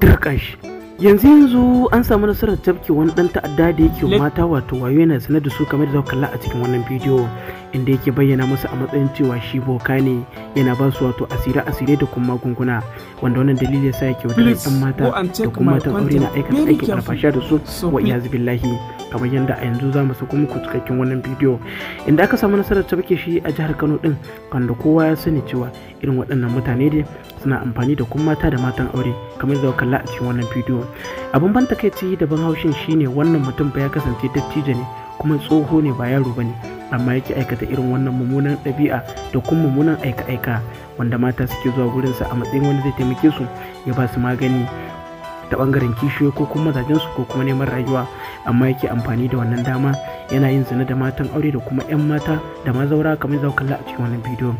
dirka yanzu yanzu an samu nasarar tafke wani dan ta'adda da yake mata wato wayo yana sanar da su kamar da kalla a cikin wannan bidiyo inda yake bayyana musu a matsayin cewa shi boka ne yana ba su wato asira asire da kuma magunguna wanda wannan dalili yasa yake wajen yan mata da kuma matan aure na aikata aikin alfasha da su wa iyazu billahi kamar yadda a yanzu za mu sako muku cikakken wannan bidiyo inda aka samu nasarar tabke shi a jihar Kano din kanda kowa ya sani cewa irin waɗannan mutane ne suna amfani da kuma mata da matan aure kamar yadda kalla a cikin wannan bidiyo abin ban takaici da ban haushin shine wannan mutum ba ya kasance dattijo ne kuma tsoho ne ba yaro ba ne amma yake aikata irin wannan mummunan ɗabi'a da kuma mummunan aika-aika wanda mata suke zuwa gurinsa a matsayin wanda zai taimake su ya ba su magani ta bangaren kishiyo ko kuma mazajensu ko kuma neman rayuwa amma yake amfani da wannan dama yana yin zina da matan aure da kuma 'yan mata da mazaura kamar zau kalla a cikin wannan bidiyo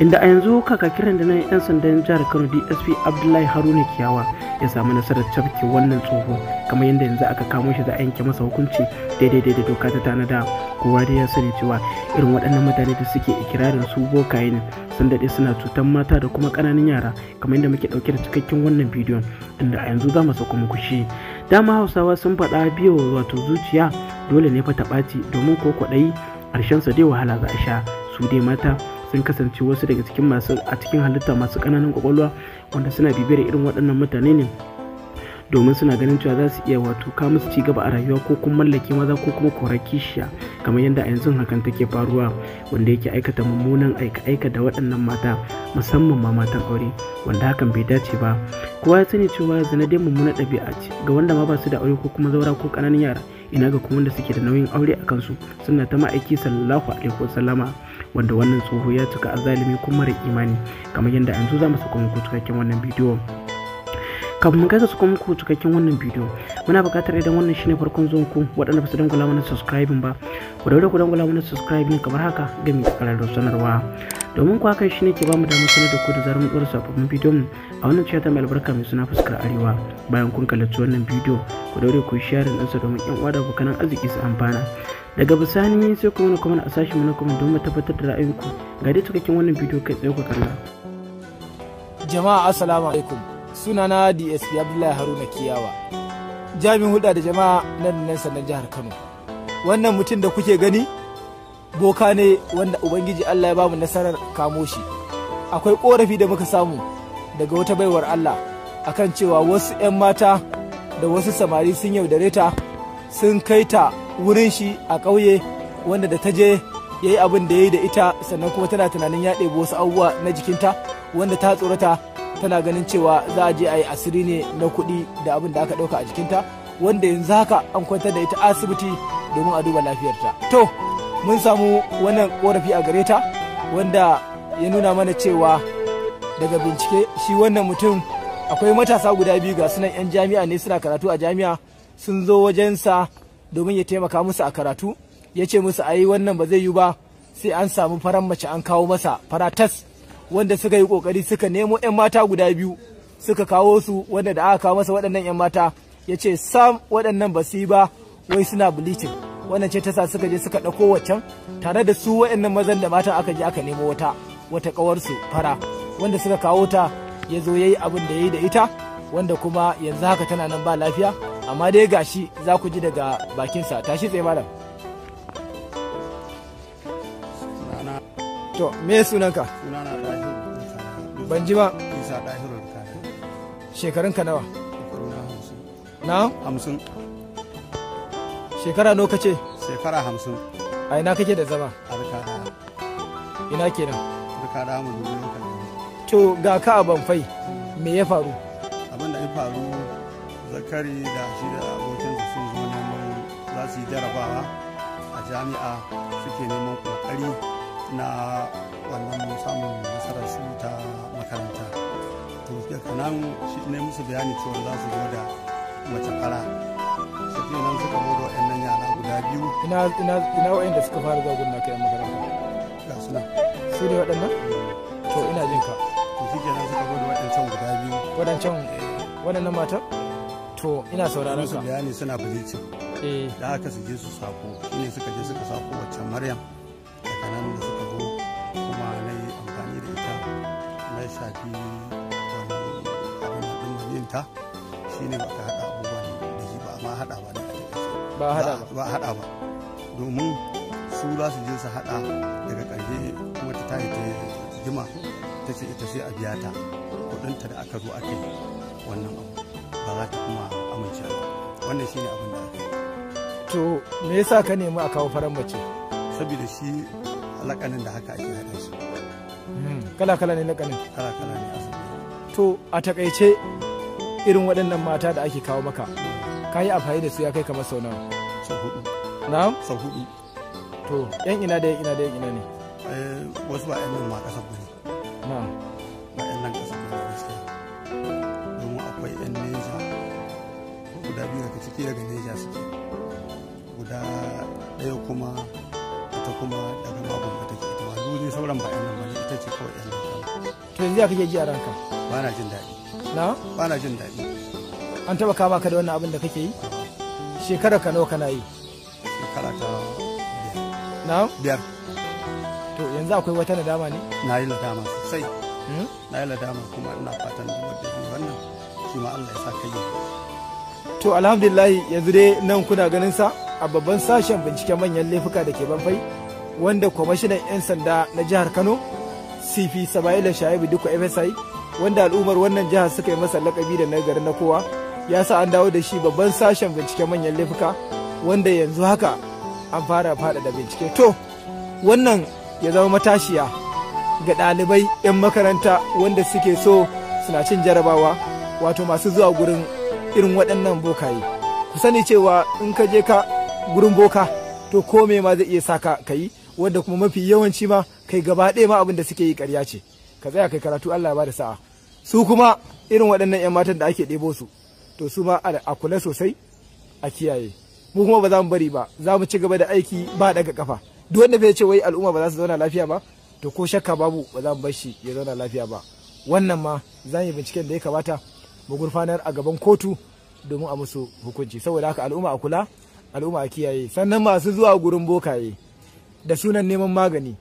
inda a yanzu kaka kiran da na 'yan sandan jihar kano dsp abdullahi haruna kiyawa ya samu nasarar cafke wannan tsoho kamar yadda yanzu aka kamo shi za a yanke masa hukunci daidai daidai doka ta tanada kowa dai ya sani cewa irin waɗannan mutane da suke ikirarin su bokaye ne sun daɗe suna cutar mata da kuma ƙananan yara kamar yadda muke ɗauke da cikakken wannan bidiyon inda a yanzu za mu sako muku shi dama hausawa sun faɗa biyo wato zuciya dole ne fa ta ɓaci domin ko kwaɗayi sa dai wahala za a sha su dai mata sun kasance wasu daga cikin masu a cikin halitta masu kananan kwakwalwa wanda suna bibiyar irin waɗannan mutane ne domin suna ganin cewa za su iya wato ka musu ci gaba a rayuwa ko kuma mallake maza ko kuma kora kishiya kamar yadda a yanzu hakan take faruwa wanda yake aikata mummunan aika-aika da waɗannan mata musamman ma matan aure wanda hakan bai dace ba kowa ya sani cewa zina dai mummunan ɗabi'a ce ga wanda ma ba su da aure ko kuma zaura ko ƙananan yara ina ga kuma wanda suke da nauyin aure a kansu suna ta ma'aiki sallallahu alaihi wasallama wanda wannan tsoho ya cika azalimi kuma mara imani kamar yadda yanzu za mu saka muku cikakken wannan bidiyo kafin mu kai su kuma muku cikakken wannan bidiyo muna buƙatar idan wannan shine farkon zuwan ku waɗanda ba su dangula mana subscribing ba ku daure ku dangula mana subscribing kamar haka ga mai karar sanarwa domin ku haka shine ke bamu damar sanar da ku da zarar ɗora sababbin bidiyon a wannan cewa ta mai albarka mai suna fuskar arewa bayan kun kallaci wannan bidiyo ku daure ku share ɗinsa domin 'yan uwa da abokan arziki su amfana daga bisani sai kuma na comment a sashen mana kuma don mu tabbatar da ra'ayinku ga dai cikakken wannan bidiyo kai tsaye ku kalla jama'a assalamu alaikum sunana DSP Abdullahi Haruna Kiyawa jami'in hulɗa da jama'a nan nan sannan jihar Kano wannan mutum da kuke gani boka ne wanda ubangiji Allah ya bamu nasarar kamo shi akwai korafi da muka samu daga wata baiwar Allah akan cewa wasu 'yan mata da wasu samari sun yaudare ta sun kai ta wurin shi a ƙauye wanda da ta je ya yi abin da ya yi da ita sannan kuma tana tunanin ya ɗebi wasu abubuwa na jikinta wanda ta tsorata tana ganin cewa za a je a yi asiri ne na kuɗi da abin da aka ɗauka a jikinta wanda yanzu haka an kwantar da ita asibiti domin a duba lafiyarta to mun samu wannan ƙorafi a gare ta wanda ya nuna mana cewa daga bincike shi wannan mutum akwai matasa guda biyu ga sunan 'yan jami'a ne suna karatu a jami'a sun zo wajensa domin ya taimaka musu a karatu ya ce musu yi wannan ba zai yi ba sai an samu faran mace an kawo masa faratas wanda suka yi kokari suka nemo 'yan mata guda biyu suka kawo su wanda da aka kawo masa waɗannan 'yan mata ya ce sam waɗannan ba su yi ba wai suna bilicin. wannan ce ta sa suka je suka ɗauko waccan tare da su waɗannan mazan da mata aka je aka nemo wata wata ƙawarsu fara wanda suka kawo ta ya zo ya yi abin da ya yi da ita wanda kuma yanzu haka tana nan ba lafiya amma dai gashi za ku ji daga bakinsa tashi tsaye malam to me sunanka sunana dahiru ban ji ba isa dahiru ɗahiru shekarun ka nawa na hamsin shekara nawa kace shekara hamsin a ina kake da zama a rikada ina kenan rikada mu to ga ka ban fai me ya faru abin da ya faru zakari da shi da abokinsa sun zo neman za su yi jarabawa a jami'a suke neman kokari na wannan samun nasarar su ta makaranta to daga nan shi ne musu bayani cewa za su zo da mace fara ke nan suka zo da wa'annan yara guda biyu ina ina ina waɗanda suka fara zuwa na kayan makaranta ga su nan su ne waɗannan to ina jin ka to shi nan suka zo da waɗancan guda biyu waɗancan eh, waɗannan matan to ina sauraron ka bayani suna bilicin eh da aka su je su sako ne suka je suka sako wacce maryam daga nan da suka zo kuma na yi amfani da ita na shafi abin da ɗin ta ne ba ka haɗa abubuwan da shi ba amma haɗa ba da ba haɗa ba ba haɗa ba domin su za su je su haɗa daga ƙarshe kuma ta yi ta jima ta ce ita sai a biya ta kuɗinta da aka zo ake wannan abu ba za ta kuma amince ba wannan shi ne abin da aka yi to me yasa ka nemi a kawo faran mace saboda shi alakanin da haka ake haɗa su hmm, kala kala ne lakanin kala kala ne a to a takaice irin waɗannan mata da ake kawo maka ka yi amfani da su ya kai kamar sau nawa sau hudu na'am sau hudu to yan ina da yan ina da yan ina ne eh, wasu ba yan nan ma ƙasar ba ne ba yan nan ƙasar ba ne gaskiya guda biyu daga ciki daga neja suke guda ɗaya kuma ita kuma daga magunga take ita wani duk sauran ba nan bane ita ce kawai 'yan nan to yanzu ya kake ji a ranka ba na jin daɗi na ba na jin daɗi an taɓa kama ka da wannan abin da kake yi Shekarar ka nawa kana yi shekara ta na biyar to yanzu akwai wata nadama ne na yi nadama sosai hmm? na yi nadama kuma ina fatan da wannan shi ma Allah ya sa kai to alhamdulillahi yanzu dai nan kuna ganin sa a babban sashen binciken manyan laifuka da ke banfai wanda kwamishinan 'yan sanda na jihar kano cp sabaila shaibu duka fsi wanda al'ummar wannan jihar suka yi masa lakabi da gari na kowa ya sa an dawo da shi babban sashen binciken manyan laifuka wanda yanzu haka an fara fada da bincike to wannan ya zama matashiya ga ɗalibai 'yan makaranta wanda suke so suna cin jarabawa wato masu zuwa gurin irin waɗannan bokaye ku sani cewa in ka je ka gurin boka to ko me ma zai iya sa ka yi wanda kuma mafi yawanci ma kai gaba ɗaya ma abin da suke yi ƙarya ce ka tsaya kai karatu Allah ya bada sa'a su kuma irin waɗannan 'yan matan da ake ɗebo su to su ma a kula sosai a kiyaye mu kuma ba za mu bari ba za mu ci gaba da aiki ba daga kafa duk wanda bai ce wai al'umma ba za su zauna lafiya ba to ko shakka babu ba za mu bar shi ya zauna lafiya ba wannan ma za mu binciken da ya kamata magurfanar a gaban kotu domin a musu hukunci saboda haka al'umma a kula al'umma a kiyaye sannan masu zuwa gurin bokaye da sunan neman magani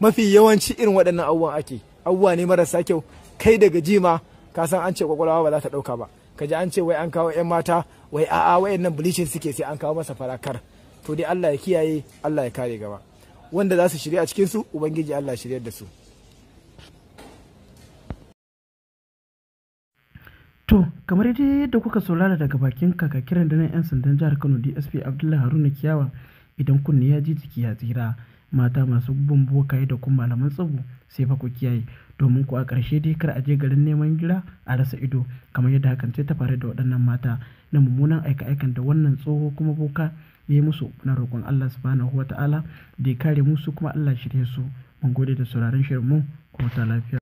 mafi yawanci irin waɗannan abubuwan ake abubuwa ne marasa kyau kai daga jima ka san an ce kwakwalwa ba za ta ɗauka ba ka ji an ce wai an kawo 'yan mata wai a'a nan bleaching suke sai an kawo masa farakar to dai Allah ya kiyaye Allah ya kare gaba wanda za su shirya a cikin su ubangiji Allah shiryar da su To, kamar dai yadda kuka saurara daga bakin kaka kiran da na 'yan sandan jihar Kano DSP Abdullahi Haruna Kiyawa idan kunni ya ji jiki ya tsira mata masu bin bokaye da kuma malaman tsabu sai fa ku kiyaye domin ku a ƙarshe dai kar a je garin neman gira a rasa ido kamar yadda hakan ce ta faru da waɗannan mata na mummunan aika-aikan da wannan tsoho kuma boka ya yi musu na roƙon Allah subhanahu wa ta'ala da ya kare musu kuma Allah shirye su mun gode da sauraron shirin mu ko ta lafiya